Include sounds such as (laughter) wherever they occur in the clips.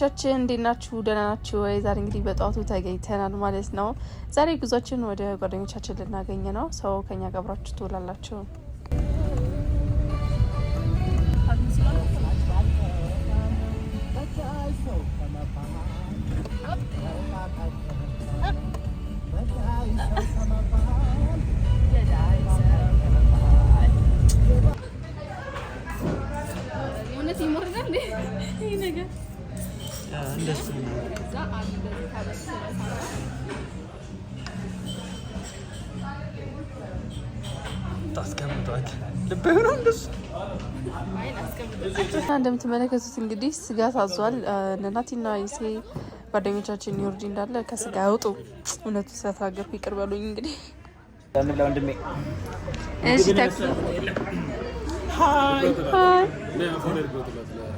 ተመልካቾቻችን እንዴት ናችሁ? ደህና ናችሁ ወይ? ዛሬ እንግዲህ በጠዋቱ ተገኝተናል ማለት ነው። ዛሬ ጉዟችን ወደ ጓደኞቻችን ልናገኝ ነው። ሰው ከኛ ጋብራችሁ ትውላላችሁ። እውነት ይሞርዳል ይህ ነገር እንደሱ ታስቀምጧት ልብ ነው እንደሱ እንደምትመለከቱት እንግዲህ ስጋ ታዟል። ነናቲና ይሴ ጓደኞቻችን ይወርድ እንዳለ ከስጋ ያውጡ። እውነቱ ስለታገፉ ይቅር በሉኝ። እንግዲህ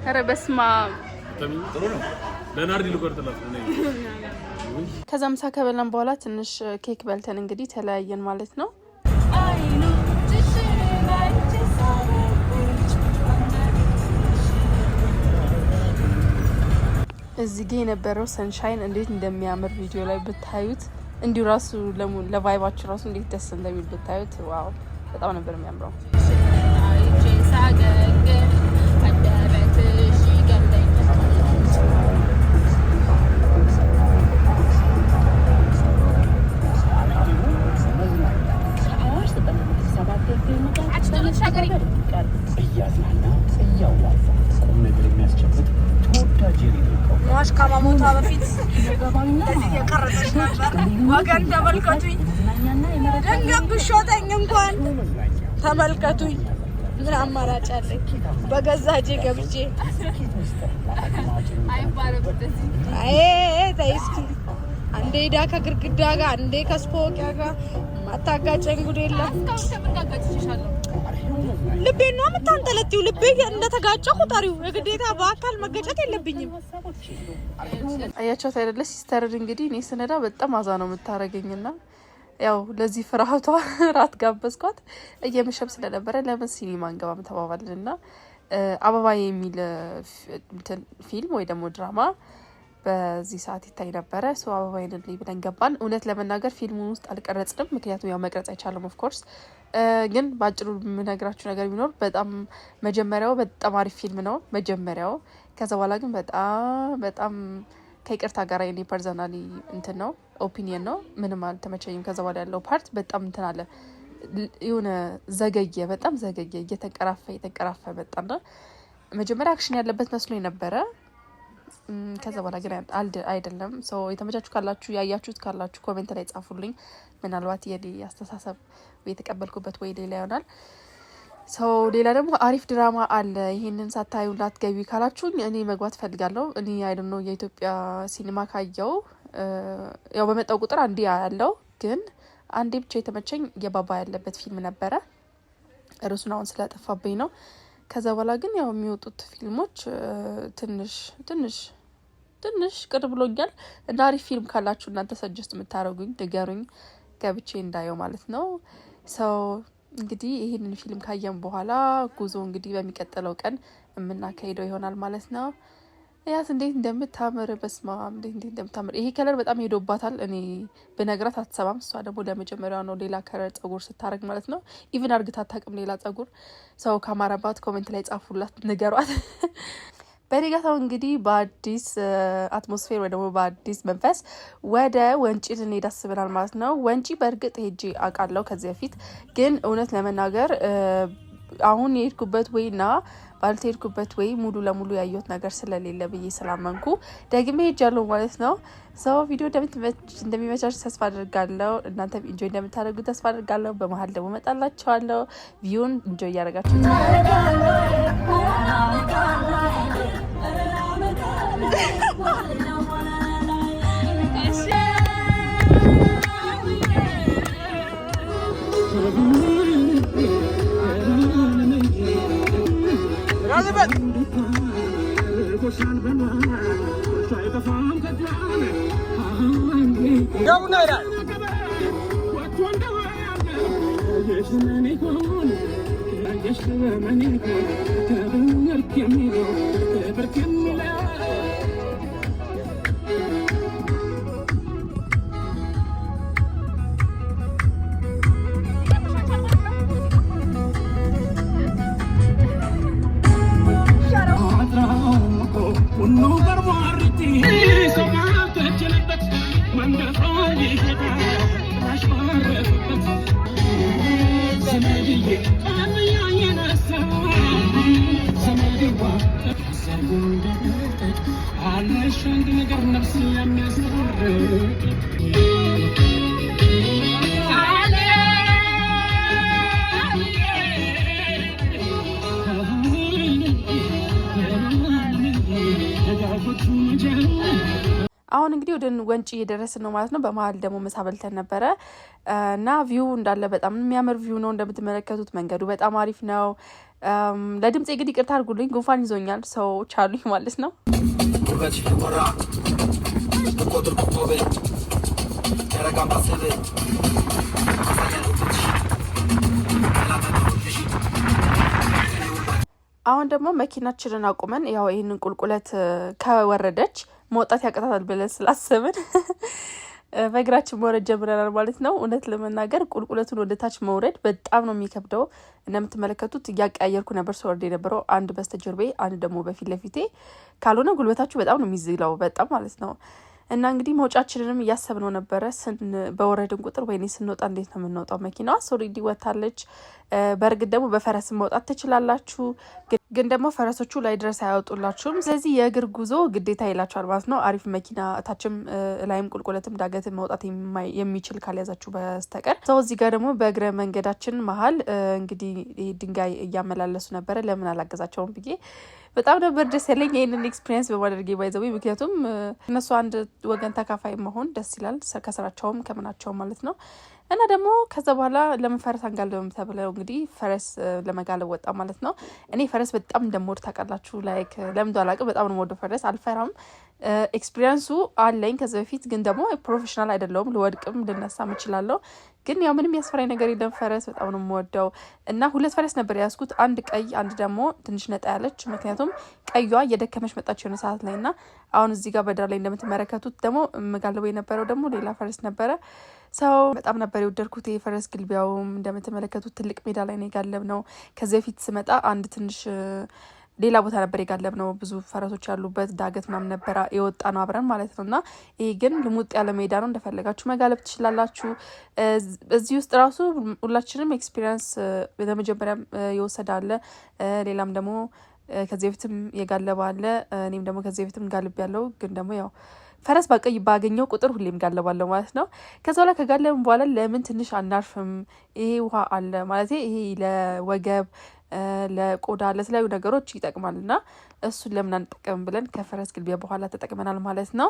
ኧረ በስመ አብ ከዛ ምሳ ከበላን በኋላ ትንሽ ኬክ በልተን እንግዲህ ተለያየን ማለት ነው። እዚህ ጋ የነበረው ሰንሻይን እንዴት እንደሚያምር ቪዲዮ ላይ ብታዩት እንዲሁ ራሱ ለቫይባችሁ ራሱ እንዴት ደስ እንደሚል ብታዩት ዋው፣ በጣም ነበር የሚያምረው። ወገን ተመልከቱኝ። ድንገት ብሾተኝ እንኳን ተመልከቱኝ። ምን አማራጭ አለኝ? በገዛ እጄ ገብቼ ተይ እስኪ አንዴ ሄዳ ከግርግዳ ጋር አንዴ ከስፖቂያ ጋር ማታጋጨኝ ጉድ የለም። ልቤ ነው የምታንጠለጥው። ልቤ እንደተጋጨ ቁጠሪው። የግዴታ በአካል መገጨት የለብኝም። አያቸውት አይደለ ሲስተር። እንግዲህ እኔ ስነዳ በጣም አዛ ነው የምታረገኝና ያው ለዚህ ፍርሃቷ (laughs) ራት ጋበዝኳት። እየመሸም ስለነበረ ለምን ሲኒማ እንገባም ተባባልንና አበባ የሚል ፊልም ወይ ደግሞ ድራማ በዚህ ሰዓት ይታይ ነበረ። ሰው አበባ አይንልኝ ብለን ገባን። እውነት ለመናገር ፊልሙን ውስጥ አልቀረጽንም፣ ምክንያቱም ያው መቅረጽ አይቻልም። ኦፍኮርስ ግን በአጭሩ የምነግራችሁ ነገር ቢኖር በጣም መጀመሪያው በጣም አሪፍ ፊልም ነው መጀመሪያው። ከዛ በኋላ ግን በጣም በጣም ከይቅርታ ጋር የኔ ፐርዘናሊ እንትን ነው ኦፒኒየን ነው ምንም አልተመቸኝም። ከዛ በኋላ ያለው ፓርት በጣም እንትን አለ የሆነ ዘገየ፣ በጣም ዘገየ፣ እየተንቀራፈ እየተንቀራፈ መጣና መጀመሪያ አክሽን ያለበት መስሎ ነበረ ከዛ በኋላ ግን አይደለም። ሰው የተመቻችሁ ካላችሁ ያያችሁት ካላችሁ ኮሜንት ላይ ጻፉልኝ። ምናልባት የኔ አስተሳሰብ የተቀበልኩበት ወይ ሌላ ይሆናል። ሰው ሌላ ደግሞ አሪፍ ድራማ አለ፣ ይህንን ሳታዩ ላትገቢ ካላችሁ እኔ መግባት ፈልጋለሁ። እኔ አይደነ የኢትዮጵያ ሲኒማ ካየው ያው በመጣው ቁጥር አንዴ ያለው ግን አንዴ ብቻ የተመቸኝ የባባ ያለበት ፊልም ነበረ። እርሱን አሁን ስለጠፋብኝ ነው። ከዛ በኋላ ግን ያው የሚወጡት ፊልሞች ትንሽ ትንሽ ትንሽ ቅር ብሎኛል እና አሪፍ ፊልም ካላችሁ እናንተ ሰጀስት የምታደርጉኝ ንገሩኝ፣ ገብቼ እንዳየው ማለት ነው። ሰው እንግዲህ ይህንን ፊልም ካየም በኋላ ጉዞ እንግዲህ በሚቀጥለው ቀን የምናካሄደው ይሆናል ማለት ነው። ያስ እንዴት እንደምታምር በስማ እንዴት እንዴት እንደምታምር ይሄ ከለር በጣም ሄዶባታል። እኔ ብነግራት አትሰማም። እሷ ደግሞ ለመጀመሪያ ነው ሌላ ከለር ጸጉር ስታረግ ማለት ነው። ኢቭን አርግታ አታውቅም ሌላ ጸጉር። ሰው ካማረባት ኮሜንት ላይ ጻፉላት፣ ንገሯት። (laughs) በነጋታው እንግዲህ በአዲስ አትሞስፌር ወይ ደግሞ በአዲስ መንፈስ ወደ ወንጪ ልንሄድ አስበናል ማለት ነው። ወንጪ በእርግጥ ሄጄ አውቃለሁ ከዚህ በፊት ግን እውነት ለመናገር አሁን የሄድኩበት ወይ ና ሄድኩበት ወይ ሙሉ ለሙሉ ያየሁት ነገር ስለሌለ ብዬ ስላመንኩ ደግሜ ሄጃለሁ ማለት ነው። ሰው ቪዲዮ እንደሚመቻችሁ ተስፋ አድርጋለሁ። እናንተ ኢንጆይ እንደምታደርጉ ተስፋ አድርጋለሁ። በመሀል ደግሞ መጣላቸዋለሁ። ቪዩን ኢንጆይ እያደረጋችሁ ይበላል። እንግዲህ ወደ ወንጪ እየደረስን ነው ማለት ነው። በመሀል ደግሞ ምሳ በልተን ነበረ እና ቪው እንዳለ በጣም የሚያምር ቪው ነው እንደምትመለከቱት። መንገዱ በጣም አሪፍ ነው። ለድምፅ እንግዲህ ይቅርታ አድርጉልኝ፣ ጉንፋን ይዞኛል። ሰው ቻሉኝ ማለት ነው። አሁን ደግሞ መኪናችንን አቁመን ያው ይህንን ቁልቁለት ከወረደች መውጣት ያቀጣታል ብለን ስላሰብን (laughs) በእግራችን መውረድ ጀምረናል ማለት ነው። እውነት ለመናገር ቁልቁለቱን ወደ ታች መውረድ በጣም ነው የሚከብደው። እንደምትመለከቱት እያቀያየርኩ ነበር ስወርድ የነበረው አንድ በስተጀርቤ፣ አንድ ደግሞ በፊት ለፊቴ። ካልሆነ ጉልበታችሁ በጣም ነው የሚዝለው፣ በጣም ማለት ነው። እና እንግዲህ መውጫችንንም እያሰብነው ነበረ። በወረድን ቁጥር ወይኔ ስንወጣ እንዴት ነው የምንወጣው? መኪናዋ ሶሪዲ ወታለች። በእርግጥ ደግሞ በፈረስ መውጣት ትችላላችሁ፣ ግን ደግሞ ፈረሶቹ ላይ ድረስ አያወጡላችሁም። ስለዚህ የእግር ጉዞ ግዴታ ይላችኋል ማለት ነው። አሪፍ መኪና እታችም ላይም ቁልቁለትም ዳገትን መውጣት የሚችል ካልያዛችሁ በስተቀር ሰው። እዚህ ጋር ደግሞ በእግረ መንገዳችን መሀል እንግዲህ ድንጋይ እያመላለሱ ነበረ። ለምን አላገዛቸውም ብዬ በጣም ነበር ደስ ያለኝ ይህንን ኤክስፒሪንስ በማድረግ ባይዘዊ። ምክንያቱም እነሱ አንድ ወገን ተካፋይ መሆን ደስ ይላል፣ ከስራቸውም ከምናቸውም ማለት ነው። እና ደግሞ ከዛ በኋላ ለምን ፈረስ አንጋልብም ተብለው እንግዲህ ፈረስ ለመጋለብ ወጣ ማለት ነው። እኔ ፈረስ በጣም እንደምወድ ታውቃላችሁ። ላይክ ለምዶ አላውቅም፣ በጣም ነው የምወደው ፈረስ። አልፈራም፣ ኤክስፒሪየንሱ አለኝ ከዚ በፊት ግን ደግሞ ፕሮፌሽናል አይደለውም። ልወድቅም ልነሳም እችላለሁ። ግን ያው ምንም ያስፈራኝ ነገር የለም። ፈረስ በጣም ነው የምወደው እና ሁለት ፈረስ ነበር የያዝኩት፣ አንድ ቀይ፣ አንድ ደግሞ ትንሽ ነጣ ያለች። ምክንያቱም ቀዩዋ እየደከመች መጣች የሆነ ሰዓት ላይ እና አሁን እዚህ ጋር በዳር ላይ እንደምትመለከቱት ደግሞ የምጋልበው የነበረው ደግሞ ሌላ ፈረስ ነበረ። ሰው በጣም ነበር የወደድኩት የፈረስ ግልቢያውም እንደምትመለከቱት ትልቅ ሜዳ ላይ ነው የጋለብ ነው። ከዚህ በፊት ስመጣ አንድ ትንሽ ሌላ ቦታ ነበር የጋለብ ነው። ብዙ ፈረሶች ያሉበት ዳገት ምናምን ነበረ የወጣ ነው አብረን ማለት ነው። እና ይሄ ግን ልሙጥ ያለ ሜዳ ነው። እንደፈለጋችሁ መጋለብ ትችላላችሁ። እዚህ ውስጥ ራሱ ሁላችንም ኤክስፒሪንስ ለመጀመሪያም የወሰደ አለ። ሌላም ደግሞ ከዚህ በፊትም የጋለበ አለ። እኔም ደግሞ ከዚህ በፊትም ጋልብ ያለው ግን ደግሞ ያው ፈረስ በቀይ ባገኘው ቁጥር ሁሌም ጋለባለሁ ማለት ነው። ከዛ በኋላ ከጋለብን በኋላ ለምን ትንሽ አናርፍም? ይሄ ውሃ አለ ማለት ይሄ ለወገብ ለቆዳ ለተለያዩ ነገሮች ይጠቅማል እና እሱን ለምን አንጠቀም ብለን ከፈረስ ግልቢያ በኋላ ተጠቅመናል ማለት ነው።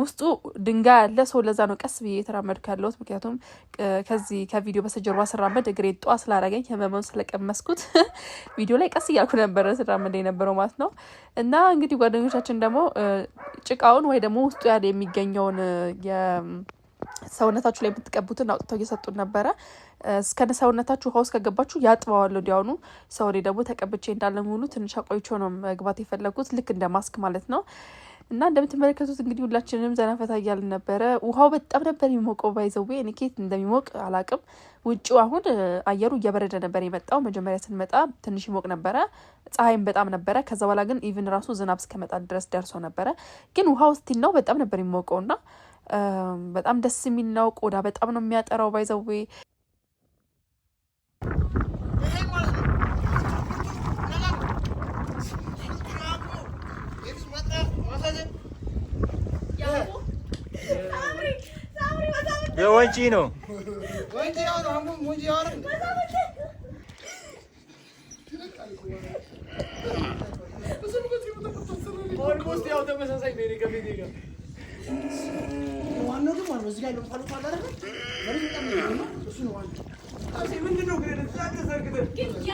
ውስጡ ድንጋይ ያለ ሰው ለዛ ነው ቀስ ብዬ የተራመድኩ ያለሁት። ምክንያቱም ከዚህ ከቪዲዮ በስተጀርባ ስራመድ እግሬ ጠዋ ስላረገኝ ህመመን ስለቀመስኩት (laughs) ቪዲዮ ላይ ቀስ እያልኩ ነበረ ስራመድ የነበረው ማለት ነው። እና እንግዲህ ጓደኞቻችን ደግሞ ጭቃውን ወይ ደግሞ ውስጡ ያለ የሚገኘውን ሰውነታችሁ ላይ የምትቀቡትን አውጥተው እየሰጡን ነበረ። እስከነ ሰውነታችሁ ውሃ ውስጥ ከገባችሁ ያጥበዋለሁ ሰው ሰውኔ ደግሞ ተቀብቼ እንዳለ ሙሉ ትንሽ አቆይቼ ነው መግባት የፈለጉት ልክ እንደ ማስክ ማለት ነው። እና እንደምትመለከቱት እንግዲህ ሁላችንም ዘናፈታ እያልን ነበረ። ውሃው በጣም ነበር የሚሞቀው። ባይዘዌ እኔ ኬት እንደሚሞቅ አላቅም። ውጭው አሁን አየሩ እየበረደ ነበር የመጣው። መጀመሪያ ስንመጣ ትንሽ ይሞቅ ነበረ፣ ፀሐይም በጣም ነበረ። ከዛ በኋላ ግን ኢቭን ራሱ ዝናብ እስከመጣ ድረስ ደርሶ ነበረ። ግን ውሃው ስቲል ነው በጣም ነበር የሚሞቀው እና በጣም ደስ የሚል ነው። ቆዳ በጣም ነው የሚያጠራው። ባይዘዌ ወንጪ ነው ኦልሞስት ያው ተመሳሳይ ዋናው ግን እዚህ እሱ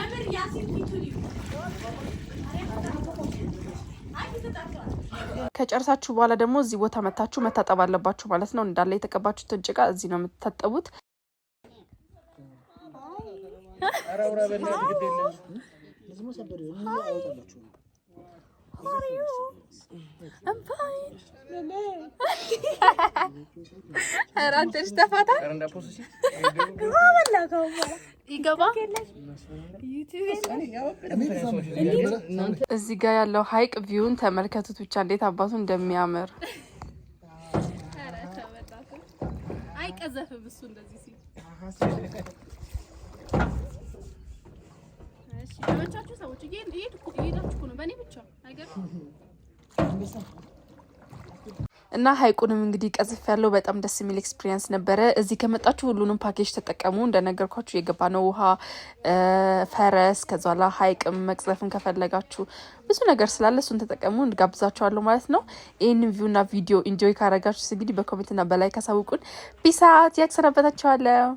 ከጨርሳችሁ በኋላ ደግሞ እዚህ ቦታ መታችሁ መታጠብ አለባችሁ ማለት ነው። እንዳለ የተቀባችሁትን ጭቃ እዚህ ነው የምትታጠቡት። እዚህ ጋ ያለው ሀይቅ ቪውን ተመልከቱት ብቻ እንዴት አባቱ እንደሚያምር አይቀዘፍም እሱ እንደዚህ ሲል ሌሎቻችሁ ሰዎች እየሄዳችሁ ነው፣ በእኔ ብቻ እና ሀይቁንም እንግዲህ ቀዝፍ ያለው በጣም ደስ የሚል ኤክስፒሪየንስ ነበረ። እዚህ ከመጣችሁ ሁሉንም ፓኬጅ ተጠቀሙ። እንደነገርኳችሁ የገባ ነው ውሃ፣ ፈረስ፣ ከዛ በኋላ ሀይቅም መቅዘፍን ከፈለጋችሁ ብዙ ነገር ስላለ እሱን ተጠቀሙ። እንጋብዛችኋለሁ ማለት ነው። ይህንን ቪውና ቪዲዮ ኢንጆይ ካረጋችሁ እንግዲህ በኮሜንትና በላይ ካሳውቁን ቢሳት ያክሰናበታችኋለሁ።